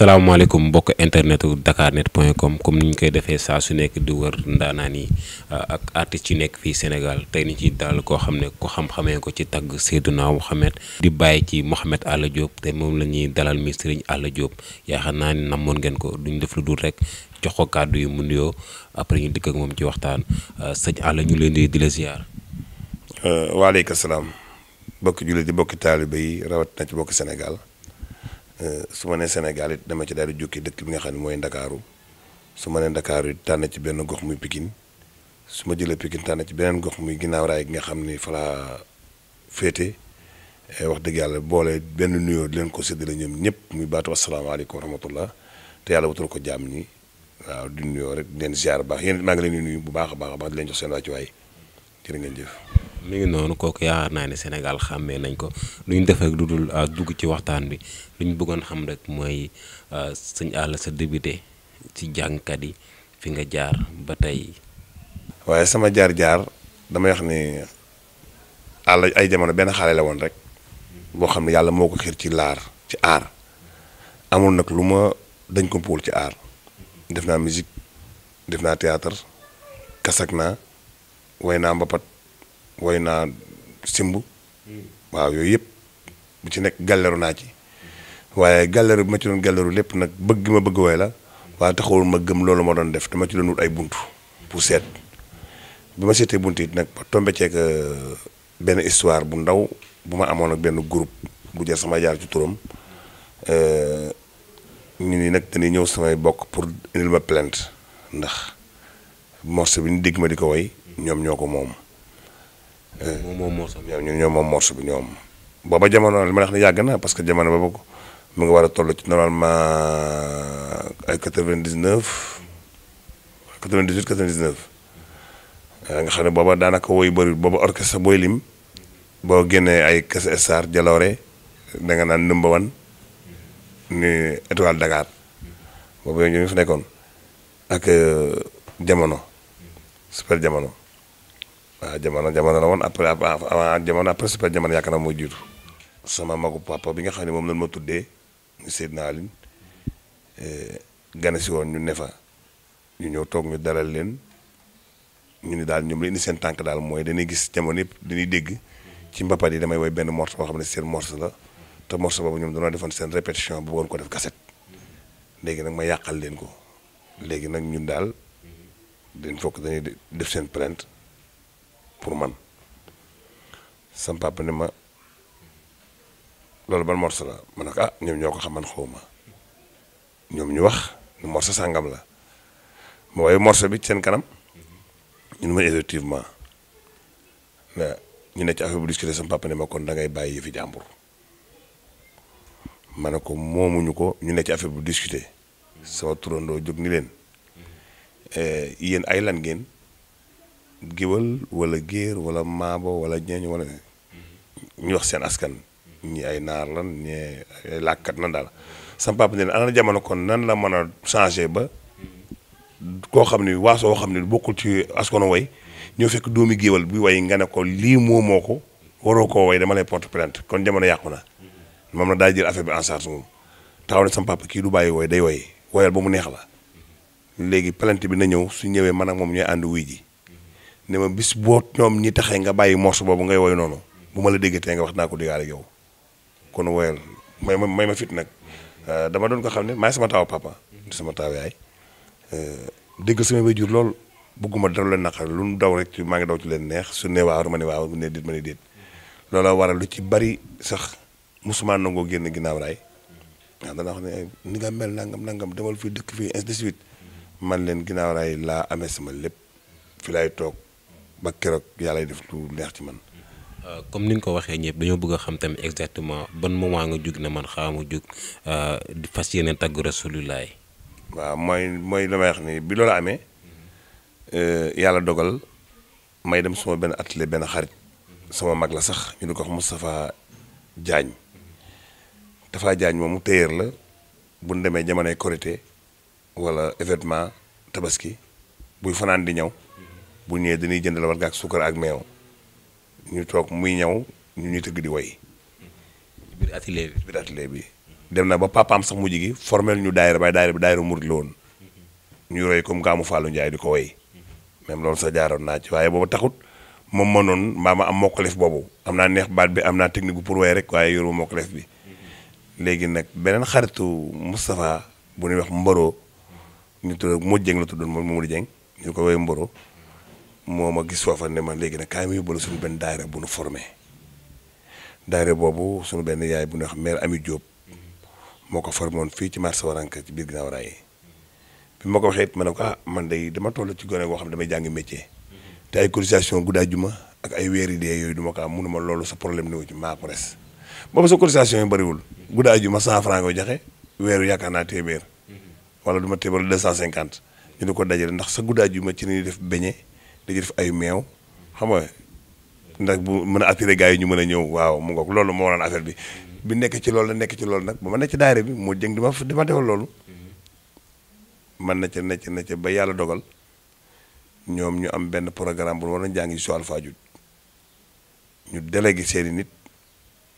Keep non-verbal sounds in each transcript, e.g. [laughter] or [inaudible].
salaamaaleykum mbokk internet dakarnet.com comme ni ñu koy defee saa su nekk di wër ndaanaan yi uh, ak artistes yu nekk fii senegal tey ni ci daal koo xam ne ko xam-xamee ko ci tagg Seydina Mohamed di bàyyi ci Mohamed Alla Diop te moom la ñuy dalal mi Serigne joob Diop yaakaar naa ni namoon ngeen ko duñu def lu dul rek jox ko kàddu yi mu nuyoo après ñu dikk ak moom ci waxtaan uh, sëñ Alla ñu leen di di la ziar. Uh, waaleykum salaam mbokki jullit di mbokki taalibe yi rawat na ci mbokki Sénégal. Euh, su ma nee Sénégal it dama ci daal di jukki dëkk bi nga xam ne mooy ndakaaru su ma nee ndakaaru it tànn ci benn gox muy Pikine su ma jëlee Pikine tànn ci beneen gox muy ginnaaw raay gi nga xam ni falaa féete euh, wax dëgg yàlla boolee benn nuyoo di leen ko séddale ñoom ñëpp muy baatu asalaamaaleykum wa rahmatullah te yàlla wutal ko jàmm ñi waaw di nuyoo rek di leen ziar baax yéen maa ngi leen di nuyu bu baax a baax a baax di leen jox seen wàccuwaay jërë ngeen mu ngi noonu kooku yaakaar naa ne senegal xàmmee nañ ko lu ñu def rek lu dul ah, dugg ci waxtaan bi lu ñu bëggoon xam rek mooy ah, sëñ Alla sa débuté ci jàngkat yi fi nga jaar ba tey. waaye sama jaar-jaar damay wax ni Alla ay jamono benn xale la woon rek boo xam ne yàlla moo ko xiir ci laar ci aar amul nag lu ma dañ ko pool ci aar def naa musique def naa théâtre kasak naa way naa mbapat woy naa simb waaw yooyu yëpp bu ci nekk gàllaru naa ci waaye gàllaru bi ma ci doon gàllaru lépp nag bëgg ma bëgg woy la waaye taxawul ma gëm loolu ma doon def te ma ci doon wut ay bunt bu seet bi ma seetee bunt it nag ba tombe euh, benn histoire bu ndaw bu ma amoon ak benn groupe bu jar sama jaar ci turam euh, ñu ni nag dañuy ñëw samay bokk pour indil ma plainte ndax morceau bi ñu dégg ma di ko woy ñoom ñoo ko moom moom moom morso bi ñoom ñoo moom morso bi ñoom booba jamono li ma wax ne yàgg na parce que jamono boobu mu ngi war a toll ci normalement ay quatre-vingt-dix-neuf eh, nga xam ne booba daanaka woy bëri booba orchestre booy lim boo génnee ay kese star jaloore da nga naan number one ni étoile Dakar boobu yooyu ñu fi nekkoon ak euh, jamono super jamono waaw ah, jamono jamono la woon après avant ah, ah, jamono après super jamono yaakaar naa mooy jiitu sama magu papa bi nga xam ne moom lañ ma tuddee ñu Seydina Aline eh, gane si woon ñu ne fa ñu ñëw toog ñu dalal leen ñu ni daal ñoom la indi seen tànk daal mooy dañuy gis jamono yëpp dañuy dégg ci mbapat yi damay woy benn morceau boo xam ne seen morceau la te morceau boobu ñoom dañoo defoon seen répétition bu woon ko def kaset léegi nag ma yàqal leen ko léegi nag ñun daal dañ fokk def seen plainte pour man sam papa ma loolu ban morso la ma ne ko ah ñoom ñoo ko xam man xawma ñoom ñu wax ne morso sàngam la ma waaye morso bi seen kanam ñun ma effectivement ñu ne ci affaire bu discuter sam papa ne da ngay bàyyi yëfi jàmbur ma ne ko moomuñu ko ñu ne ci affaire bu discuter sama turandoo jóg ni leen eh, yéen ay lan ngeen. géwal wala géer wala maabo wala ñeeñ wala ñu wax seen askan ñi ay naar la ñi ay làkkat lan daal sama papa ne ana jamono kon nan la mën a changé ba koo xam ne waaso woo xam ne bokkul ci askanu way ñoo fekk doomi géwal bi way nga ne ko lii moo ko waroo koo way dama lay porte plainte kon jamono yàqu na moom na daa jël affaire bi en charge moom taxaw ne sama papa kii du bàyyi wooy day way woyal ba mu neex la léegi plainte bi na ñëw su ñëwee man ak moom ñooy ànd wuy ji ni ma bis boo ñoom ñi taxee nga bàyyi morceau boobu ngay woy noonu bu ma la déggatee nga wax naa ko diggaale ak yow kon woyal may ma may ma fit nag euh, dama doon ko xam ne maay sama taaw papa sama taaw yaay euh, dégg sama bay jur lool bëgguma dara leen naqar lu nu daw rek maa ngi daw ci leen neex su ne waaw ma ne waaw ne dit ma ne déet loola waral lu ci bari sax musuma nangoo génn ginnaaw raay waaw dana wax ne ni nga mel nangam nangam demal fii dëkk fii ainsi man leen ginnaaw raay laa amee sama lépp fi laay toog ba keroog yàlla def lu neex ci man. Euh, comme ni nga ko waxee ñëpp dañoo bëgg a xam tamit exactement ban moment nga jug na man xaamu jug euh, di fas yéene tagg Rasulullah. waaw mooy mooy damay wax ni bi loolu amee euh, yàlla dogal may dem suma benn atelier benn xarit sama mag la sax ñu di ko wax Moustapha Diagne Tafa Diagne moom mu la bu ñu demee jamonoy korité wala événement tabaski buy fanaan di ñëw. bu ñëwee dañuy jëndal warga ak suukar ak meew ñu toog muy ñaw ñu ñuy tëgg di woy biir atelier bi bi dem na ba am sax mujj gi formel ñu daayira bay daayira bi daayira murit la woon ñu roy comme Gaamu Fallou Ndiaye di ko woy même lool sa jaaroon naa ci waaye booba taxut moom mënoon mbaa ma am mokkalef boobu am naa neex baat bi am naa technique bu pour woy rek waaye yoru mokkalef bi léegi nag beneen xaritu Moustapha bu nuy wax Mboro ñu tudd Modou Dieng la tuddoon moom Modou Dieng ñu ko woy Mboro moo ma gis foofa ne ma léegi nag kaay ma yóbbu suñu benn daayira bu nu formé daayira boobu suñu benn yaay bu ñuy xam mère Ami Diop moo ko formé woon fii ci marché Waranka ci biir ginnaaw raay bi ma ko waxee man ma ne ko ah man day dama toll ci gone goo xam ne damay jàng métier. te ay cotisation guddaa juma ak ay weeri dee yooyu du ma ko am mënuma loolu sa problème ni wu ci maa ko res boobu sa cotisation yi bëriwul. guddaa juma cent franc nga joxe weeru yaakaar naa téeméer. wala du ma téeméer deux cent cinquante ñu di ko dajale ndax sa guddaa juma ci la def beñe dañuy def ay meew xam nga ndax bu mën a attiré gars yi ñu mën a ñëw waaw mu ngoog loolu moo waral affaire bi bi nekk ci loolu la nekk ci loolu nag ba ma nekk ci daayira bi moo jëng dama dama defal loolu man na ca nekk na ba yàlla dogal ñoom ñu am benn programme bu war a jàngi si Joal Fadiouth ñu délégué nit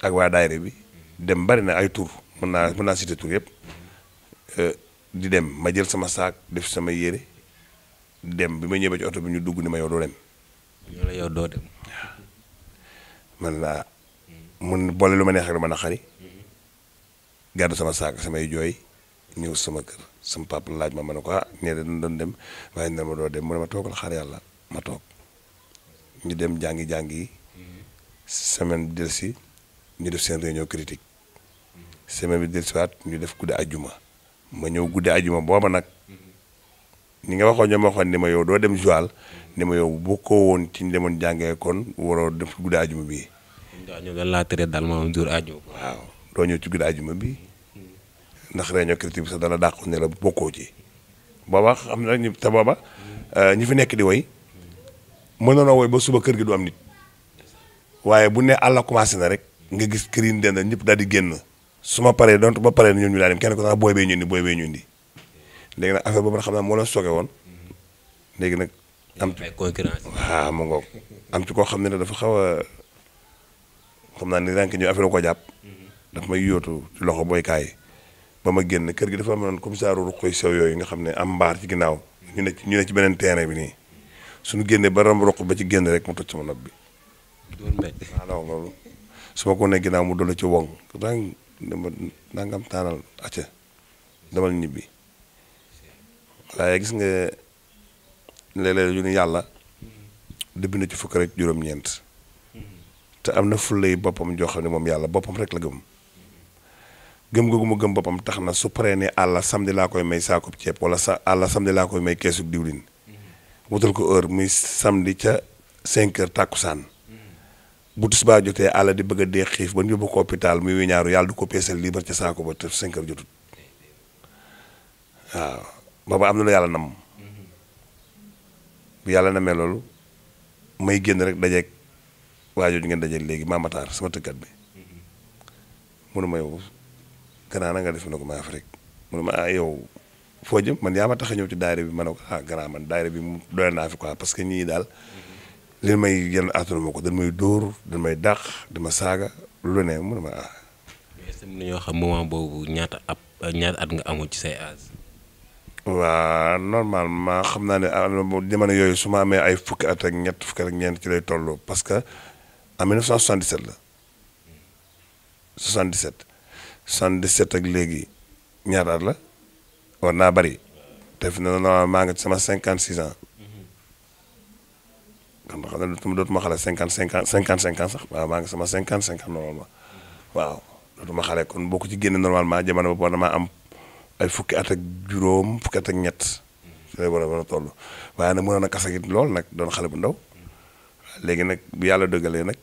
ak waa daayira bi dem bari na ay tur mën naa mën naa cité tur yëpp euh, di dem ma jël sama saak def sama yére dem bi ma ñëwee ci oto bi ñu dugg ni ma yow doo dem. ñu la boole lu ma ne ak lu ma naqari. Mm-hmm. gàddu sama saak samay jooy ñëw sama kër sama papa laaj ma ma ne ko ah nee na doon dem waaye nee ma doo dem mu ne ma toogal xaar yàlla ma toog ñu dem jàngi jàngi semaine bi si ñu def seen réunion critique mm-hmm. semaine bi delsiwaat ñu def guddi ajuma ma ñëw guddi ajuma booba nag. ni nga waxoo ñoom waxoon ni ma yow doo dem Joal ni ma yow bu ko woon ci ñu demoon jàngee kon waroo def guddi ajuma bi. ñoom dañ laa tere daal maanaam jour ajuma. waaw doo ñëw ci guddi ajuma bi ndax réunion critique bi sax dala dàqu ne la bokkoo ci. booba xam na ñu te booba euh, ñi fi nekk di woy mënoonoo woy ba suba kër gi du am nit waaye bu ne àlla commencé na rek nga gis kër yi ñu dend ñëpp daal di génn su ma paree donte ba paree ñun ñu daal dem kenn ko sax booy bee ñu indi booy bee ñu indi. léegi nag affaire boobu nag xam naa moo la soge woon léegi nag. am ci concurrence waaw mu ngoog am ci koo xam ne ne dafa xaw a xam naa ni rànk ñu affaire ko jàpp. daf may yootu ci loxo boykaay yi ba ma génn kër gi dafa am noonu comme ça ruur koy yooyu nga xam ne am mbaar ci ginnaaw. ñu ne ci ñu ne ci beneen terrain bi nii suñu génnee ba ramb roq ba ci génn rek mu toj bi. doon métti waaw loolu su ma ko ne ginnaaw mu dolli taanal acca damal ñibbi. waaye gis nga léeg-léeg yàlla dëbb na ci fukk rek juróom-ñeent te am na fullay boppam joo xam ne moom yàlla boppam rek la gëm gëm googu mu gëm boppam tax na su paree ne àlla samedi laa koy may saakub ceeb wala sa àlla samedi laa koy may keesug diwlin wutal ko heure muy samedi ca cinq tàkkusaan bu tisbaa jotee àlla di bëgg dee xiif ba ñu yóbbu ko hôpital muy weñaaru yàlla du ko lii liibar ca saako ba te cinq jotut waaw booba am na lu yàlla nam bu yàlla namee loolu may génn rek dajeeg waajooju ngeen dajeeg léegi maamataar sama tëkkat bi munu ma yow gannaaw nga def na ko ma ma ah yow foo jëm man yaa ma tax ñëw ci daayira bi ma ne ko ah gannaaw man daayira bi mu doy naa fi quoi parce que ñii daal li may yenn attanu ma ko dañ may dóor dañ may dàq di ma saaga lu ne munu ma ah. ñaata ab ñaata at nga amoon ci say âge. waa normalement xam naa ne ah, jamono yooyu su ma amee ay fukki at ak ñett fukki at ak ñeent ci lay toll parce que en 1977 la 77 77 ak léegi ñaata at la war naa bari te fi ne maa ngi ci sama 56 ans. kon xam ne dootuma xale 50 50 55 ans sax waaw maa ngi sama 50 50 normalement waaw dootuma xale kon boo ko ci génne normalement jamono boobu war maa am. ay fukki at ak juróom fukki at ak ñett ci lay war a war a toll waaye nag mënoon a kasa it lool nag doon xale bu ndaw léegi nag bu yàlla dogalee nag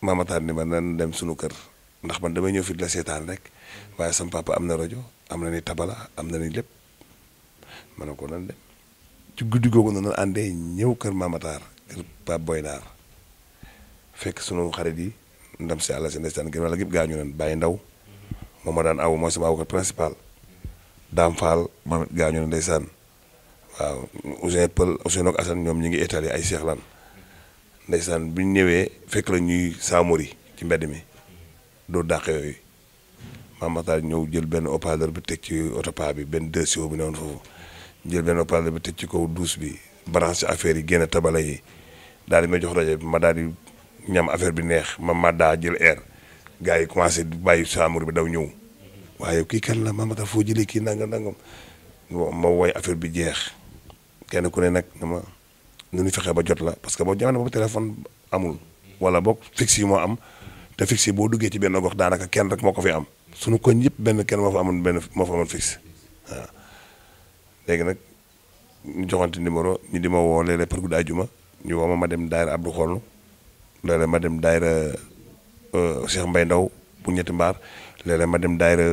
maamataan ni ma nan dem suñu kër ndax man damay ñëw fi seetaan rek waaye sam papa am na rajo am na ni tabala am na ni lépp ma ne ko nan dem ci guddi googu noonu àndee ñëw kër maamataar kër Pape Boynaar fekk sunu xarit yi ndam si àlla si ndeysaan gën wàlla gépp gaañu nan bàyyi ndaw moom ma daan aw mooy sama aw principal Dame Fall moom it gaañu na ndeysaan waaw Ousseyn Pël Ousseyn ak Assane ñoom ñi ngi étalé ay seexlan ndeysaan bu ñu ñëwee fekk la ñuy yi ci mbedd mi doo dàq yooyu Mamata ñëw jël benn haut bi teg ci otopa bi benn deux siwo bi newoon foofu jël benn haut bi teg ci kaw douche bi branché affaire yi génn tabala yi daal di may jox rajo bi ma daal di ñam affaire bi neex ma ma jël air gars yi commencé bàyyi saamori bi daw ñëw. waaye kii kan la ma Mamadou foo jëlee kii nangam nangam ma woy affaire bi jeex kenn ku ne nag na ma nu ñu fexe ba jot la parce que boo jamono boobu téléphone amul. wala boog fixe yi moo am te fixe yi boo duggee ci benn gox daanaka kenn rek moo ko fi am. sunu koñ yëpp benn kenn moo fa amoon benn moo fa amoon fixe waaw léegi nag ñu joxante numéro ñu di ma woo léeg-léeg par guddi ñu woo ma ma dem daayira Abdou Xol xool léeg ma dem daay daayira euh, Cheikh Mbaye Ndaw bu ñetti mbaar léeg ma dem daayira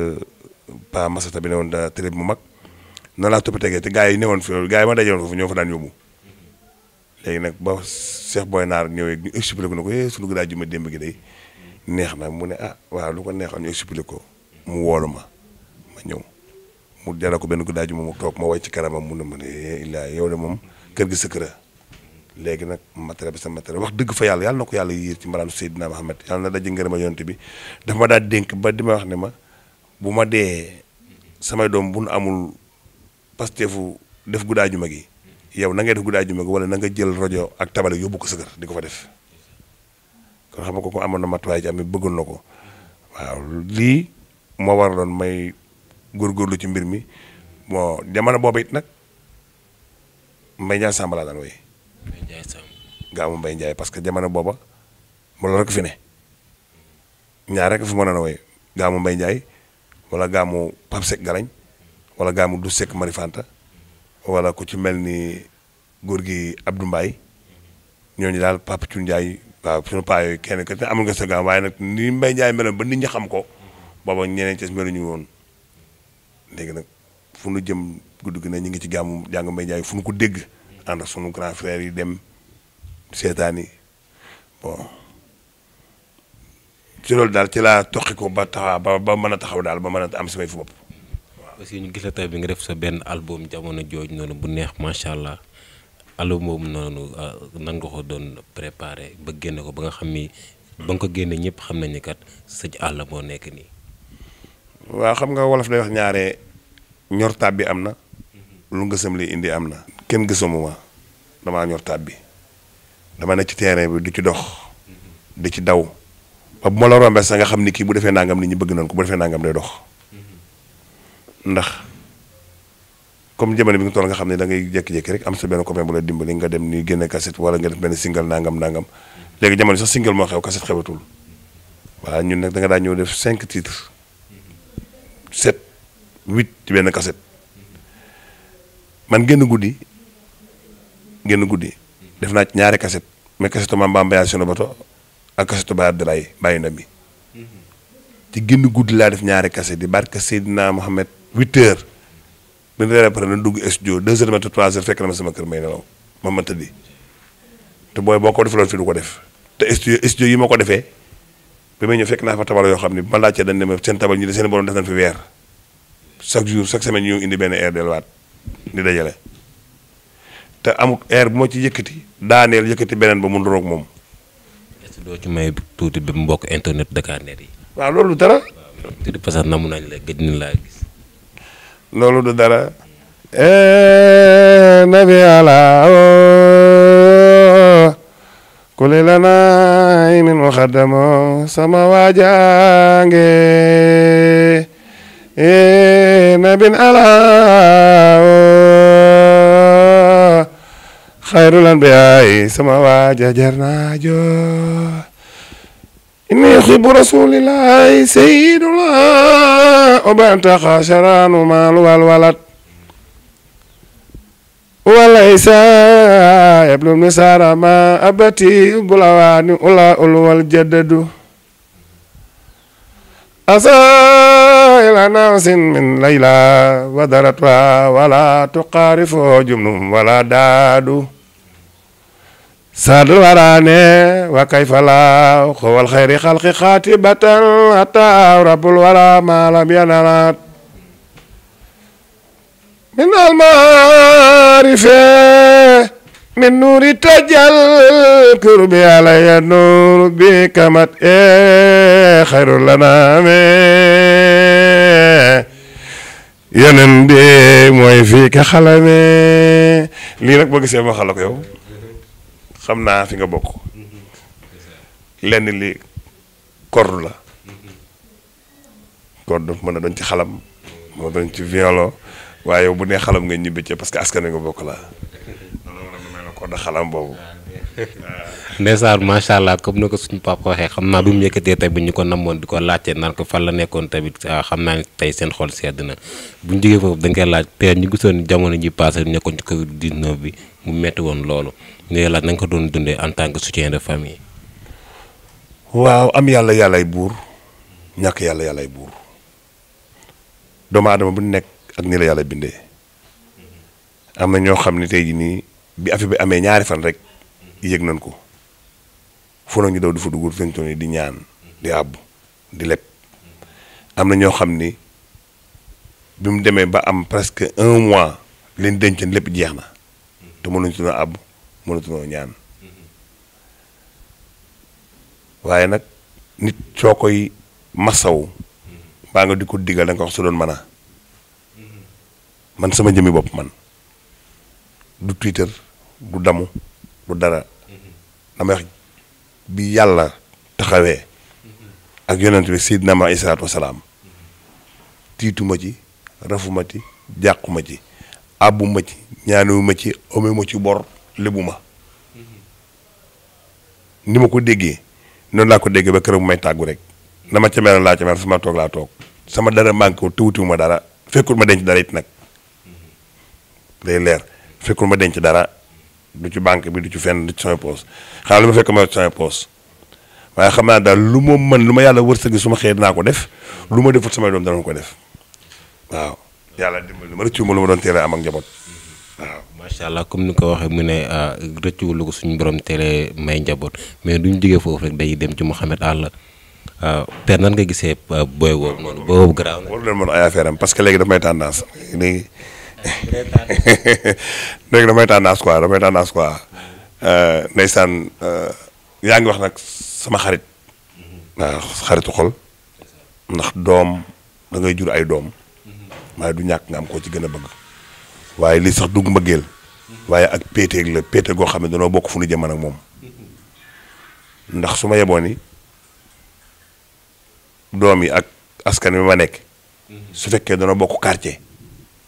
pa masata bi ne woon da euh, télé mag noonu laa topp tegee te gaa yi newoon fi loolu gaa yi ma dajewoon foofu ñoo fa daan léegi nag ba Cheikh Boy Naar ñëwee ñu expliqué na ko eh sunu gëdaa juma démb gi day neex na mu ne ah waaw lu ko neexoon ñu expliqué ko mu woolu ma ma ñëw mu jaral benn gëdaa juma mu toog ma way ci kanamam mun na ma ne eh yow de moom kër gi sëkkëra léegi nag matériel bi sa matériel wax dëgg fa yàlla yàlla na ko yàlla yiir ci mbaraanu Seydina Muhammad yàlla na daje ngërëma yonte bi dafa ma daa dénk ba di ma wax ne ma bu ma dee samay doom bu nu amul pastefu def guddaa ju mag yi yow na ngay def guddaa ju mag wala na nga jël rajo ak tabale yóbbu ko sa di ko fa def kon xam nga ko amoon na matuwaay ci am bëggoon na ko waaw lii moo doon may góor góorlu ci mbir mi bon jamono boobu it nag mbay ñaan sàmbalaa gaamu mbay Ndiaye parce que jamono booba loolu rek fi ne ñaar rek fi mën a woy gaamu Mbaye Ndiaye wala gaamu Pape Seck Galañ wala gaamu du Seck Mari Fanta wala ku ci mel ni góor gi Abdou Mbaye ñooñu daal Pape Thioune Ndiaye waaw suñu paa yooyu kenn ku ne amul nga sa gaam waaye nag ni Mbaye Ndiaye meloon ba nit ñi xam ko booba ñeneen ci meluñu woon léegi nag fu nu jëm gudd gi ne ñu ngi ci gaamu jàng Mbaye Ndiaye fu nu ko dégg. ànd ak sunu grand frère yi dem seetaan yi bon ci loolu daal ci laa toqi ko ba taxaw ba ba mën a taxaw daal ba mën a am samay fu bopp waaw. aussi ñu gis la tey bi nga def sa benn album jamono jooj noonu bu neex macha allah album boobu noonu euh, nan nga ko doon préparé ba génne ko ba nga xam ni ba nga ko génne ñëpp xam nañu kat sëj àll moo nekk nii. waa xam nga wolof day wax ñaare ñor bi am na. lu nga sëm li indi am na. kenn gisuma ma damaa ñor taat bi dama ne ci terrain bi du ci dox di ci daw ba bu ma la rombee sax nga xam ni kii bu defee nangam nit ñi bëgg nañ ko bu defee nangam day dox ndax comme jamono bi nga toll nga xam ne da ngay jékki-jékki rek am sa benn copain bu la dimbali nga dem ni génne cassette wala nga def benn single nangam nangam léegi jamono sax single moo xew cassette xewatul voilà ñun nag danga nga daa ñëw def cinq titres sept huit ci benn cassette man génn guddi. génn guddi def naa ci ñaari kaset mais kasetu maam Bamba yaa sunu bato ak kasetu Baye Abdoulaye bàyyi na bi ci génn guddi laa def ñaari kaset di barke Seydina Mohamed huit heures bi ñu dugg studio deux heures matin trois sama kër may ma ma tëddi te booy boo ko defaloon fii du ko def te studio studio yi ma ko defee bi may ñëw fekk naa fa tabal yoo xam ne ba laajte dañ ne ma seen tabal ñi de seen borom def nañ fi weer chaque jour chaque semaine ñu indi benn air delluwaat di dajale. te amul air bu ma ci yëkkati daaneel yëkkati beneen ba mu ndoroog moom. est doo ci may tuuti bi mbok internet Dakarnet yi. waaw loolu dara. waaw parce que namu nañ la gëj na laa gis. loolu du dara. Eh, nabi ala kuli la naay xayrul anbiyaay sama waaja jar naa joo inni xibu rasulillahi sayyidullah obanta xasaraanu maalu wal walat walaysa yablu misarama abati bulawaani ula ulwal jaddadu asa ila naasin min layla wadaratwa wala tuqaarifo jumnum wala daadu saad waraane wa kay falaaw xowal xayri xalqi xaati batal ataaw rabul wara maalam yanalaat min almaarife min nuuri tajal kurbi alaya nuur bi kamat e xayrul lanaame yeneen bi mooy fii ka xalame lii nag boo gisee ma xala yow xam naa fi nga bokk lenn li corde la corde mën na doon ci xalam moo doon ci violon waaye bu nee xalam nga ñibbi ci parce que askan nga bokk la corde xalam boobu [laughs] ndeysaan macha allah comme na ko suñu papa waxee xam naa bi mu yëkkatee tey bu ñu ko namoon di ko laajte naan ko fan la nekkoon tamit ah, xam naa tey seen xol sedd na bu ñu jógee foofu dañ koy laaj te ñu gisoon jamono ji passé nekkoon ci covid 19 bi mu metti woon loolu ne yàlla na ko doon dundee en tant que soutien de famille. waaw am yàlla yàllaay buur ñàkk yàlla yàllaay buur doomu aadama bu nekk ak ni la yàlla bindee am na ñoo xam ne tey ji nii bi affaire bi amee ñaari fan rek yëg nañ ko fu ñu daw di fa dugg fentoon di ñaan di àbb di leb am na ñoo xam ni bi mu demee ba am presque un mois leen dencoon lépp jeex na te mënuñ si doon àbb mënatunoo ñaan waaye nag nit soo koy masaw mbaa nga di ko digal da nga wax su doon mën man sama jëmmi bopp man du Twitter du damu du dara damay wax bi yàlla taxawee ak yonent bi Seydina ma isalaatu wasalaam tiituma ci rafuma ci jàquma ci àbbuma ci ñaanuma ci omuma ci bor lébu ma ni ma ko déggee noonu laa ko déggee ba këram may tàggu rek na ma ca mel laa ca mel sama toog laa toog sama dara manqué wu tuutiwu ma dara fekkul ma denc dara it nag day leer fekkul ma denc dara du ci banque bi du ci fenn du ci sama poos xanaa lu ma fekk ma ci sama poos waaye xam naa daal lu ma mën lu ma yàlla wërsëg su ma xëyee dinaa ko def lu ma defut samay doom danañ ko def waaw yàlla dimbali ma rëccu ma lu ma doon teel a am ak njaboot. waaw macha allah comme ni nga ko waxee mu ne ah, rëccuwul lu ko suñu borom teelee may njaboot mais duñ jigee foofu rek dañuy dem ci Mouhamed Alla ah, père nan nga gisee ah, booy boobu noonu booy boobu garaaw na. warul leen mën ay affaire am parce que léegi damay tendance léegi [laughs] léegi damay tendance quoi damay tendance quoi ndeysaan yaa ngi wax nag sama xarit. waaw xaritu xol. ndax doom dangay jur ay doom. Mm-hmm. waaye du ñàkk nga am koo ci gën a bëgg. waaye lii sax dugg mbëggeel waaye ak péeteeg la péete goo xam ne danoo bokk fu nu jëman ak moom ndax su ma yeboo ni doom yi ak askan wi ma nekk su fekkee danoo bokk quartier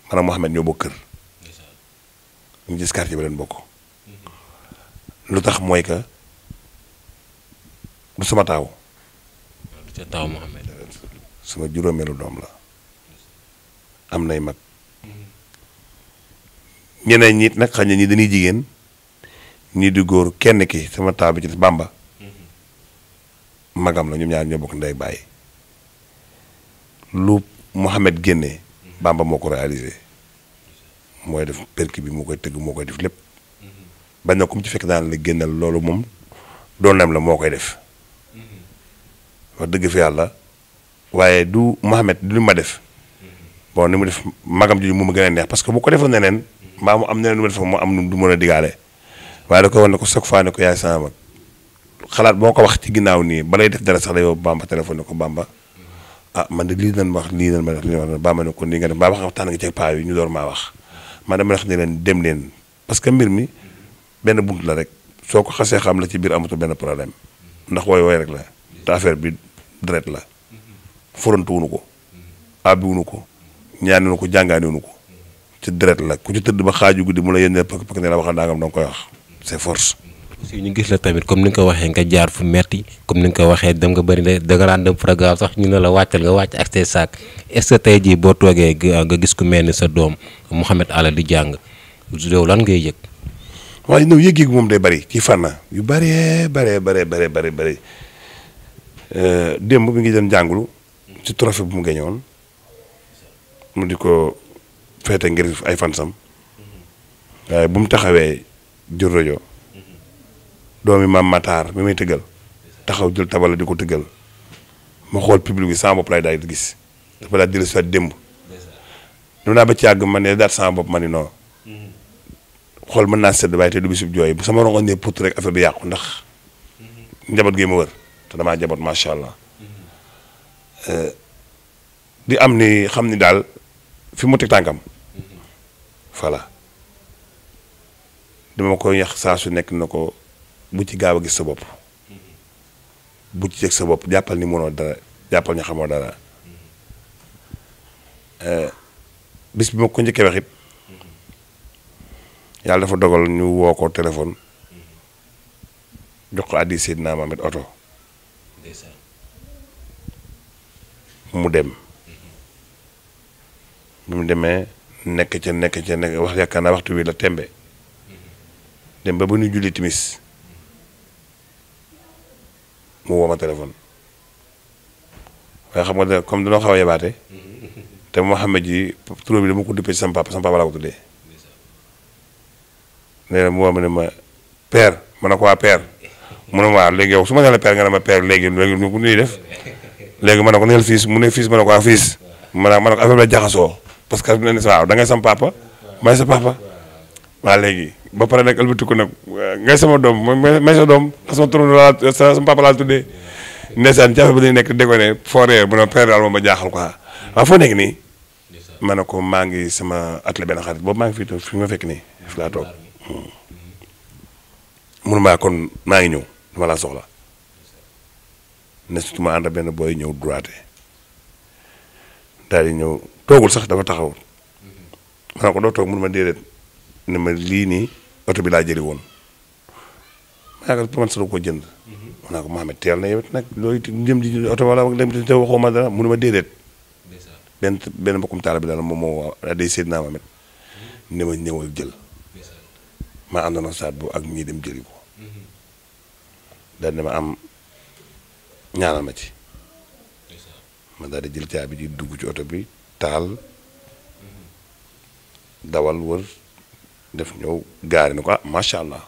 maanaam Mouhamed ñoo bokk kër ñu gis quartier bi leen bokk lu tax mooy que du sama taaw du sa taaw doom la am nay mag ñeneen ñi nag xañ na ñi dañuy jigéen ñi di góor kenn ki sama taa bi ci bàmba magam la ñoom ñaar ñoo bokk ndey bàyyi lu Mouhamed génnee bàmba moo ko réalisé mooy def perki bi moo koy tëgg moo koy def lépp bañ na comme ci fekk daan la génnal loolu moom doonam la moo koy def wax yàlla waaye du Mouhamed du ma def bon ni mu def magam jooju mu ma gën a neex parce que bu ko defoon neneen mbaa mu am neneen lu ma def mu am du mën a digaale waaye da koy wan ne ko chaque fois ne ko yaay sama mag xalaat boo ko wax ci ginnaaw nii balay def dara sax la yow bamba téléphone ne ko bamba ah man de lii nañ ma wax lii nañ ma def lii wax bamba ne ko nii nga def baa wax waxtaan nga ci paa yi ñu door maa wax man dama wax ne leen dem leen parce que mbir mi benn bunt la rek soo ko xasee xam la ci biir amatu benn problème ndax wooy wooy rek la te affaire bi deret la forantu wunu ko abbi wunu ko ñaani wunu ko jàngaani wunu ko ci deret la ku ci tëdd ba xaaju guddi mu la yónnee pak pak ne la waxal nangam da nga koy wax c'est force. aussi ñu gis la tamit comme ni nga ko waxee nga jaar fu metti comme ni nga ko waxee dem nga bëri ne da nga dem programme sax ñu ne la wàccal nga wàcc ak say saak est-ce que tey jii boo toogee nga gis ku mel ni sa doom Mouhamed Alla di jàng yow lan ngay yëg. waaye ñoom yëg-yëg moom day bëri ci fànn yu bëree bëree bëree bëri bare bëri démb bi ngi doon jàngulu ci trophée bu mu gañoon mu feete ngir ay fansam waaye bu mu taxawee jur doom doomi maam Matar mi may tëggal taxaw jël tabala di ko tëggal ma xool public bi sama bopp laay daal di gis dafa daal di la soit démb dem naa ba ci àgg man ne daal sama bopp ma ni non xool mën naa sedd waaye te du bisub jooy bu sama rongoñ ne put rek affaire bi yàqu ndax njaboot gi ma wër te damaa njaboot macha allah mm-hmm. eh, di am ni xam ni daal fi mu teg tànkam voilà dama koy yax saa su nekk na ko bu ci gaaw a gis sa bopp bu ci teg sa bopp jàppal ni mënoo dara jàppal ñu xamoo dara euh, bis bi ma ko njëkkee wax yàlla dafa dogal ñu woo ko téléphone jox ko addi Seydina Mohamed oto mu dem bu mu demee nekk ca nekk ca nekk wax yaakaar naa waxtu wi la tembe dem ba ba julli timis mu woo téléphone waaye xam nga da comme dañoo xaw a yabaate te Mouhamed ji tur bi dama ko duppee ci sama papa laa ko tuddee nee mu woo ma ma père ma ne ko waa père mu ne ma waa su ma nee la père nga ne ma père ko nuy ne ko neel fils mu ne fils la jaxasoo parce que ne waaw da papa may sa papa waaw léegi ba pare nag nag ngay sama doom may sa doom sama turando sama papa laa tuddee ndeysaan jafe nekk déggoo ne foo bu ne père daal moom ma jaaxal quoi foo nekk nii ma ne ko maa ngi sama atelier benn xarit boobu maa ngi fii toog fi ma fekk nii fi laa toog hmm. mun maa kon maa ngi ñëw dama laa soxla ne surtout ma ànd benn booy ñëw droité daal di ñëw toogul sax dafa taxawul ma ne ko doo toog mun ma déedéet ne ma lii nii oto bi laa jëli woon ma ne ko man sa ko na yow nag looy jëm di oto ma dara mun ma déedéet. benn bi daal moom moo waa naa Mohamed ne ma ñëwal jël. ma àndoon ak saat dem jëli ko. daal ci. ma daal di jël caabi dugg ci oto bi. taal dawal wër def ñëw gaari na ko ah macha allah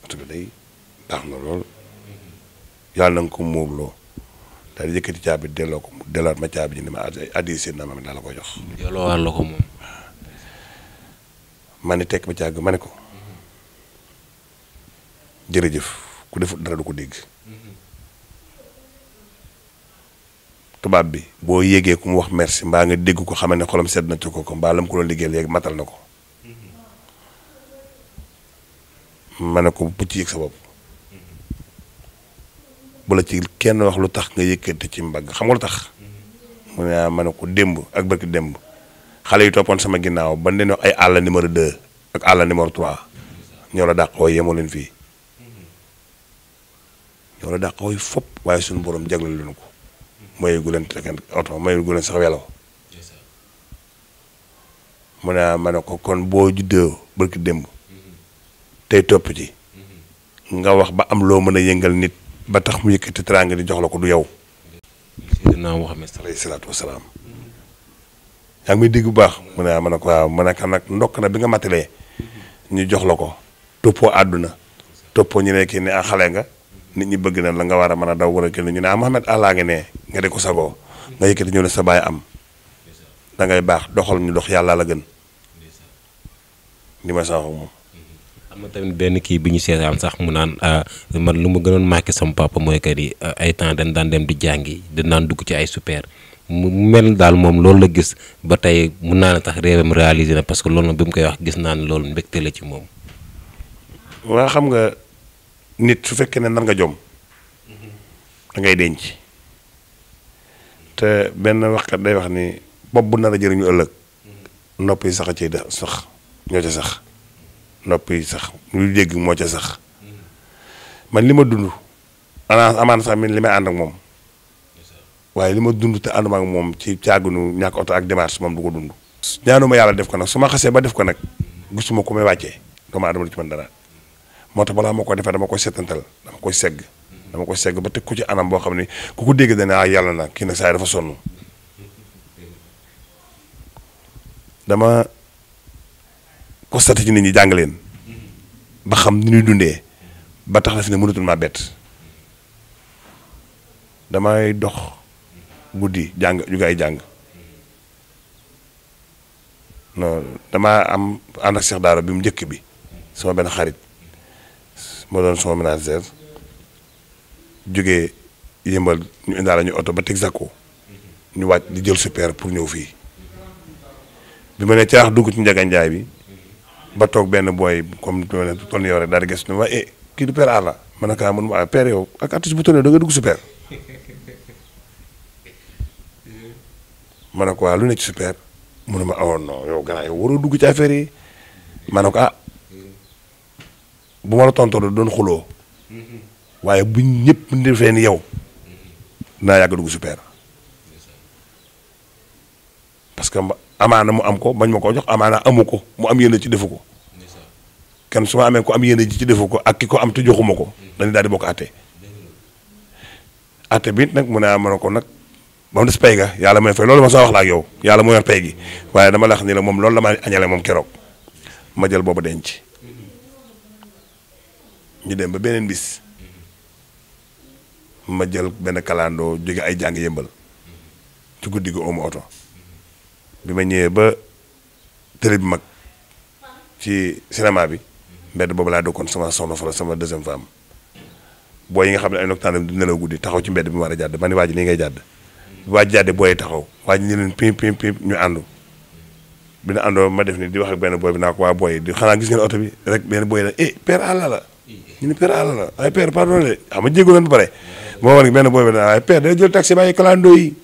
parce day baax na lool yàlla na nga ko muurloo daal di yëkkati caabi delloo ko dellaat ma caabi ji ni ma addi seen na ma daal la ko jox. delloo waat la ko moom. ma tekk ba càgg ma ne ko jërëjëf ku defut dara du ko dégg. tubaab bi boo yégee ku mu wax merci mbaa nga dégg ko xamal ne xolam sedd na ci ko ko mbaa lam ko doon liggéeyal yéeg matal na ko ma ne ko bu ci yëg sa bu la ci kenn wax lu tax nga yëkkati ci mbagg xam nga lu tax mu ne ah, ma ne ko démb ak barki démb xale yu toppoon sama ginnaaw ba ne ay àlla numéro 2 ak àlla numéro 3 ñoo la dàqoo yemoo leen fii ñoo la dàqoo fopp waaye suñu borom jagle ko mayagu leen kenn oto mayagu leen sax welo mu ne ma ne ko kon boo juddoo barki démb tey topp ci nga wax ba am loo mën a yëngal nit ba tax mu yëkkati teraanga di jox la ko du yow. Seydina Muhammad alayhi salaatu wasalaam yaa ngi muy dégg bu baax mu ne ma ne ko waaw ma ne ko ndokk na bi nga matalee ñu jox la ko toppoo àdduna toppoo ñu ne kii ne ah xale nga nit ñi bëgg na la nga war a mën a daw wala kenn ñu ne ah Mouhamed àllaa ngi ne nga di ko sagoo nga yëkkati ñu ne sa baay am da ngay baax doxal ñu dox yàlla la gën li ma sax moom. am na tamit benn kii bi ñu seetaan sax mu naan euh, man lu ma gënoon marqué sama papa mooy que ni euh, ay temps dañ daan dem di jàngi dañ daan dugg ci ay super. mu mel daal moom loolu la gis ba tey mun naa ne tax réewam réalisé na parce que loolu bi mu koy wax gis naa ne loolu mbégte la ci moom. nit su fekkee ne nar nga jom dangay ngay denc te benn waxkat day wax ni bopp bu nar a jëriñu ëllëg nopp yi sax a ciy sax ñoo ca sax nopp yi sax lu dégg moo ca sax man li ma dund ana amaan sax min li may ànd ak moom waaye li ma dund te ànduma ak moom ci caagunu ñàkk oto ak démarche moom du ko dund ma yàlla def ko nag su ma xasee ba def ko nag gisuma ku may wàccee doomu aadama du ci mën dara moo tax balaa ma ko defee dama koy setantal dama koy segg dama koy segg ba teg ko ci anam boo xam ne ku ko dégg dana ah yàlla na kii nag saa dafa sonn dama constaté ci nit ñi jàng leen ba xam ni ñuy dundee ba tax na fi ne mënatul maa bett damay dox guddi jàng ju gaay jàng damaa am ànd ak Cheikh Daara bi mu njëkk bi sama benn xarit. moo doon sama manager jógee yëmbal ñu indaale ñu oto ba Texaco ñu wàcc di jël super pour ñëw fii bi ma ne caax dugg ci Njaga Njaay bi ba toog benn booy comme toll yow rek daal di gis ne waaye eh, kii du père àlla man nag ah man waaye père yow ak artiste bu toll da nga dugg super ma ne ko waa ah, lu ne ci super mu ne ma awoon ah, non yow gannaaw yow waroo dugg ci affaire yi ma ne ko ah. bu ma la tontoo doon xuloo waaye bu ñëpp defee ni yow naa yàgg dugg super parce que amaana mu am ko bañ ma ko jox amaana amu ko mu am yéene ci defu ko kan su ma amee ko am yéene ji ci defu ko ak ki ko am te joxuma ko dañu daal di bokk àtte àtte bi nag mu ne ah ma ne ko nag ba mu des pay yàlla mooy fay loolu ma sa wax la ak yow yàlla moo yor pay gi waaye dama la wax ni la moom loolu la ma añale moom keroog ma jël boobu denc. ñu dem ba beneen bis ma jël benn kalandoo jóge ay jàng yëmbal ci guddi gi omo oto bi ma ñëwee ba télé bi mag ci cinéma bi mbedd boobu laa dëkkoon sama soxna fara sama deuxième femme booy yi nga xam ne ay nocturne du nelaw guddi taxaw ci mbedd bi mu war a jàdd ma ne waa ji nii ngay jàdd bi waa ji booy taxaw waa ji ñu leen pim pim ñu àndu bi na àndoo ma def ni di wax ak benn booy bi naa ko waa booy di xanaa gis ngeen oto bi rek benn booy la eh père ñu ne père àll la ay père pardon de ah ma jéego leen ba pare moo war benn booy ba ay ah, père day jël taxi bàyyi kalandoo yi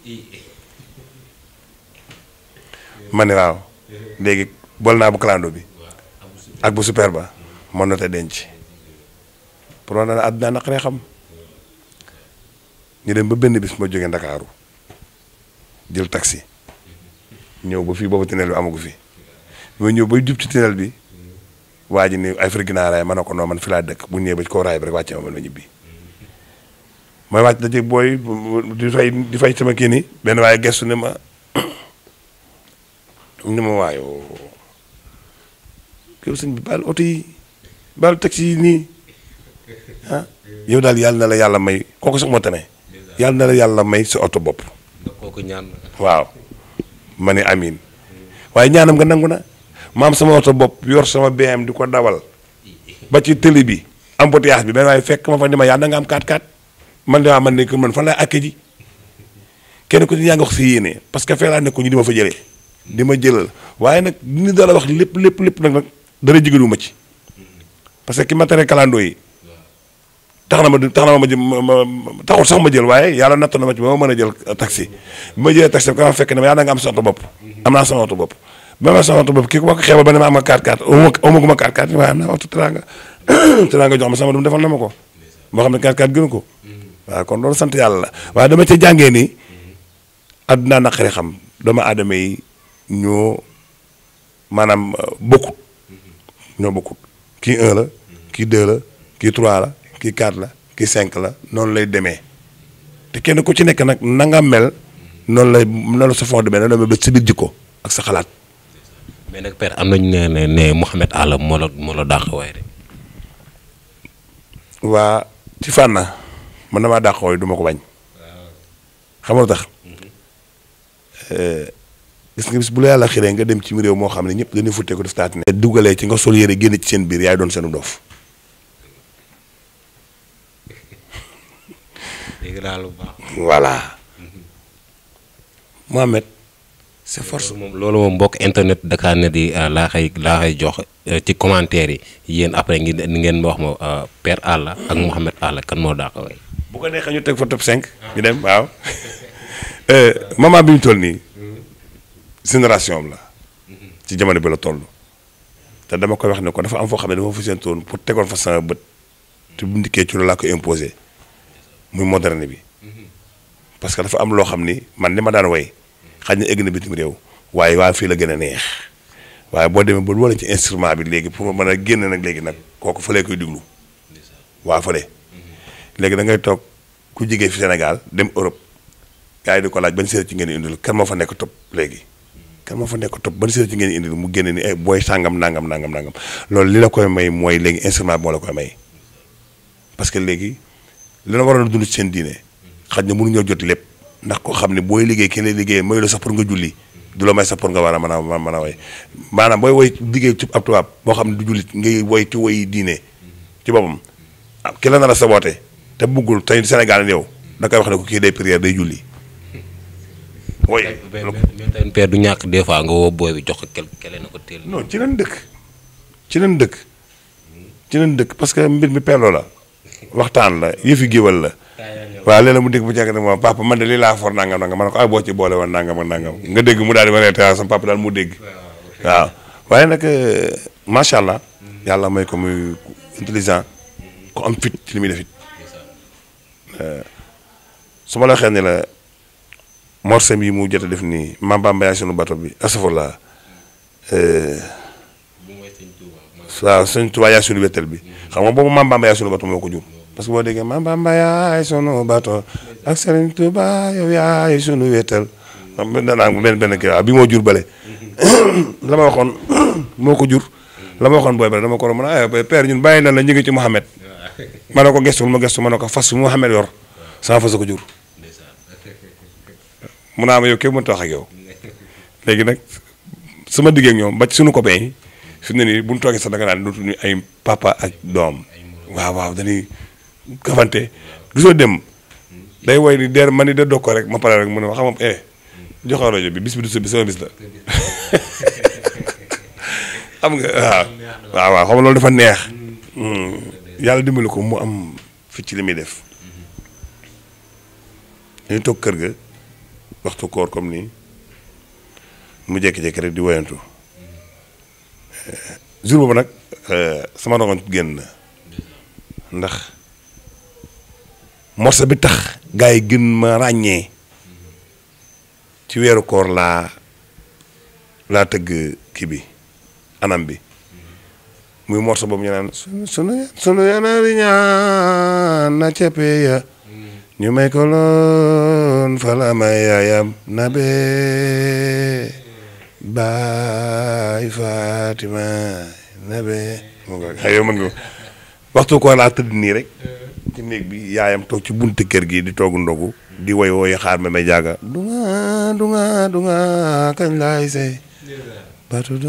ma ne waaw léegi bool naa bu kalandoo bi ak bu super ba mën na te denc pour ma ne la àddina naqaree xam ñu dem ba benn bis ma jógee Ndakaaru jël taxi ñëw ba fii boobu tunnel bi amagu fi ma ñëw bay jub ci tunnel bi. waa ji ni ay firi ginaaraay ma ko noo man fi dëkk bu ñëwee ba ci raay bi rek wàcce ma ma ñibbi mooy wàcc da ci booy di fay di fay sama kii nii benn waaye gestu ne ma [clears throat] ni ma waayoo képp baal oto yi baal taxi yi nii ah, yow daal yàlla na la yàlla may kooku sax moo tane yàlla na la yàlla may sa oto bopp. waaw ma ne amiin waaye ñaanam nga nangu na. maam sama oto bopp yor sama BM di ko dawal ba ci tëli bi embouteillage bi benn waaye fekk ma fa ni yaa da am 4-4 man de man ne ko man fan laay àkkee ji kenn ku si yéene parce que fee laa nekkoon ñu di ma fa jëlee di ma jëlal waaye nag li ñu dara lépp lépp lépp nag nag dara jigéenu ma ci parce que ki ma yi tax na ma tax na ma ma taxul sax ma jël waaye yàlla na ma ci ba mën a jël taxi bi ma jëlee taxi bi ka ma fekk ne ma yaa da am sa oto bopp am naa sama oto bopp ba ma sama oto bopp kii ku ma ko xeebal ba ne ma am nga 4-4 aw ma ko ma 4-4 waaye am naa oto teraanga [coughs] teraanga jox ma sama doom na ma ko moo xam ne 4-4 gënu kon loolu sant yàlla waaye dama ca jàngee ni àdduna xam doomu aadama yi ñoo maanaam euh, bokkut ñoo bokkut kii 1 la kii 2 la kii 3 la kii 4 la kii 5 la noonu lay demee te kenn ku ci nekk nag nanga nga mel noonu lay noonu la sa fond demee noonu la mel ba sa jikko ak sa xalaat. mais nag père am nañu ne ne ne Mouhamed Alla moo la moo la dàq de. waa ci fànn mën damaa dàq waaye du ma ko bañ. xam tax eh, gis nga bis bu la yàlla xiree nga dem ci réew moo xam ne ñëpp dañuy futte ko def taat ne dugalee ci nga sol yére génn ci seen biir yaay doon seenu doof dégg naa c'est force moom loolu moom mbokk internet Dakar di euh, laa xay laa xay jox euh, ci commentaire yi yéen après ngi ngeen wax ma euh, Père Alla ak Mouhamed Alla kan moo daax way bu ko neexee ñu teg fa top 5. ñu dem waaw. [laughs] maman bi am la. ci jamono bi la toll. te dama koy wax ne ko dafa am foo xam ne dafa fa seen toon pour tegoon fa sama bët. te bu ci loolu laa imposé. muy moderne bi. Mhm. que dafa am loo xam ni man li ma daan way xaj na egg na bitim réew waaye waa fii la gën a neex waaye boo demee ba wala ci instrument bi léegi pour ma mën a génn nag léegi nag kooku fële koy déglu waa fële léegi da ngay toog ku jigee fi Sénégal dem Europe gars yi di ko laaj ban séeréer ci ngeen indil kenn moo fa nekk topp léegi kan moo fa nekk topp ban séeréer ci ngeen indil mu génne ni ay eh, booy sàngam nangam nangam nangam loolu li la koy may mooy léegi instrument bi moo la koy may parce que léegi li la waroon a dund ci seen diine xaj na mënu jot lépp ndax ko xam ne booy liggéey kenn liggéey mooy la sax pour nga julli du la may sax pour nga war a mën a mën a way maanaam booy woy liggéey ci ab tubaab boo xam ne du jullit ngay woy ci woy diine ci boppam ah, ki la nar a saboote te buggul tey Sénégal yow da kay wax ne ko kii day prière day julli. woy mais père du ñàkk des fois nga woo booy bi jox ko kele na ko teel. non ci leen dëkk ci leen dëkk ci lañ dëkk parce que mbir mi peeloo la waxtaan la yëfi géwal la. waaw léeg-léeg mu dégg bu jàkk ne ma papa man de lii laa for nangam nangam ma ne ko ay boo ci woon nangam ak nangam nga dégg mu daal di ma reeta sama papa daal dégg waaw waaye nag euh, macha allah yàlla may ko muy intelligent ko am fit ci li muy def it euh, la waxee ne yi mu jot a def nii Mamba Mbaye bato bi astafurlah euh, waaw sëñ Tuubaa yaa sunu wettel bi xam nga boobu Mamba Mbaye sunu bato moo ko jur. parce que boo déggee Maam Bamba yaay sunu bato ak Serigne Touba yow yaay sunu wéetal. danaa benn benn kii bi moo jur bale. [coughs] la ma waxoon [coughs] moo ko jur. la ma waxoon booy bale dama ko war a mën a aywa père ñun bàyyi na la ñu ngi ci Mouhamed. [laughs] ma ne ko gestul ma gestu ma ne ko fas bi Mouhamed yor sama fas ko jur. mun naa ma yow képp mënta wax ak yow. léegi nag sama diggee ak ñoom ba ci sunu copain yi fi mu ne nii bu ñu toogee sax danga naan dootuñu ay papa ak doom. waaw waaw kafante gisoo dem day woy di der man ni de dog ko rek ma pare rek mu ne ma xam nga eh, rajo bi bis bi du sa [laughs] nga waaw waaw xam loolu dafa neex hmm. yàlla dimbali ko mu am fi ci li muy def ñu toog kër ga waxtu koor comme nii mu jékki-jékki rek di woyantu eh, jour boobu nag eh, sama rongoñ génn ndax morso bi tax gars yi gën ma ràññee ci weeru koor laa laa tëgg kii bi anam bi muy morceau boobu ñu naan sunu sunu sunu yanaari ñaan na ceppe ya ñu may ko loon fala may yaayam na be baay Fatima na be. waxtu ko laa tëdd nii rek. ci néeg bi yaayam toog ci buntu kër gi di toog ndogu di woy woy xaar ma may jaaga du nga du nga du nga kañ laay sey batu du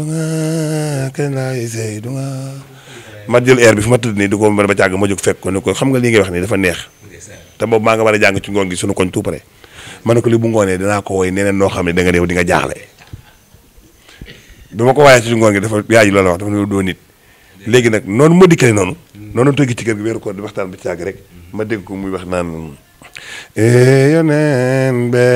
ma jël air bi fi ma tëdd nii di ko mën ba càgg ma jóg fekk ko ne ko xam nga lii ngay wax nii dafa neex te boobu maa nga war a jàng ci ngoon gi suñu koñ tout près ma ko li bu ngoonee danaa ko woy neneen noo xam ne danga nga deew di nga jaaxle bi ma ko waayee ci ngoon gi dafa yaay ji loolu wax dafa ne doo nit léegi nag noonu ma dikkale noonu noonu toog ci kër gi weeru koor di waxtaan ba caag rek ma dégg ko muy wax naan eh, yoneen be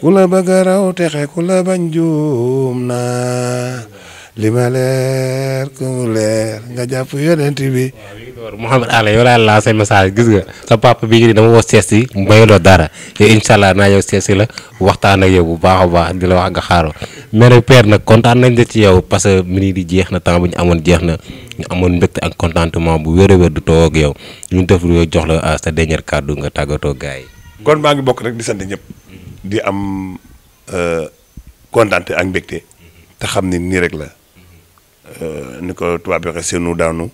ku la bëgg a raw texe ku la bañ juum naa li ma leer ku mu leer nga jàpp yonent bi. waaw Mouhamed Alla yow laa la message gis nga sa papa bii nii dama woo sees si mayu dara yow incha allah naa yow sees si la waxtaan ak yow bu baax a baax di la wax nga xaaroo mais nag père nag kontaan nañ la ci yow parce que minute di jeex na temps bu ñu amoon jeex na amoon mbégte ak contentement bu wér a wér du toog yow ñu def lu jox la ah, sa dernier kàddu nga tàggatoo gars yi. kon maa ngi bokk rek di sant ñëpp. di am euh, kontaante ak mbégte. te xam ni nii rek la. Euh, ni ko tubaab bi waxee seenu daanu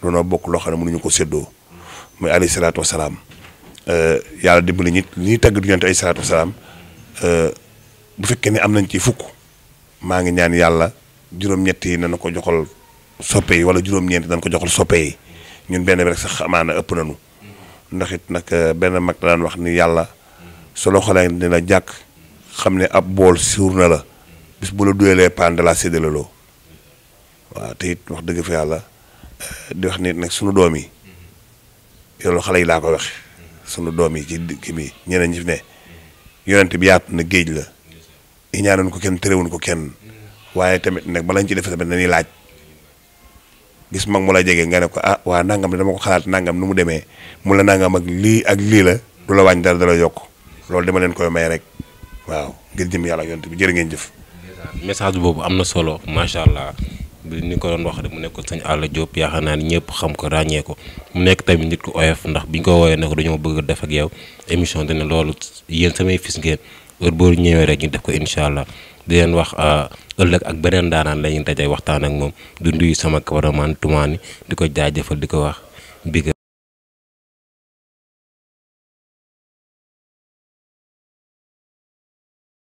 doonoo bokk loo xam ne mënuñu ko séddoo muy alayhi salaatu wasalaam euh, yàlla dimbali ñi ñi tagg du ñante ay salaatu wasalaam euh, bu fekkee ne am nañ ci fukk maa ngi ñaan yàlla juróom-ñett yi ko joxal soppe yi wala juróom-ñeent ko joxal soppe ñun benn bi rek sax amaana ëpp nañu ndax it nag benn mag daan wax ni yàlla su loxo la dina jàkk xam ne ab bool suur na la bis bu la duyalee paan de la séddale waaw te wax dëgg fa yàlla eh, di wax nit nag sunu doom yi yoolu xale laa koy waxe sunu doom yi ci ki mi ñeneen ñi ne yonent bi yaatu na géej la iñaanoon ko kenn terewuñ ko kenn waaye tamit nag balañ ci def defe tamit ni laaj gis mag mu la jege nga ne ko ah waa nangam dama ko xalaat nangam nu mu demee mu la nangam ak lii ak lii la du la wàññi dara da yokk loolu dama leen koy may rek waaw ngir jëm yàlla yonent bi jërë ngeen message boobu am na solo macha allah bi ni ko doon wax rek mu nekk sëñ Alla Diop yaakaar naa ni ñëpp xam ko ràññee ko mu nekk tamit nit ku oyof ndax bi ñu ko woowee ne ko dañoo bëgg def ak yow émission dina loolu yéen samay fis ngeen heure boo ñëwee rek ñu def ko incha allah di leen wax ah, ëllëg ak beneen daanaan la ñuy dajee waxtaan ak moom du nuyu sama cameraman Toumani di ko jëfal di ko wax bi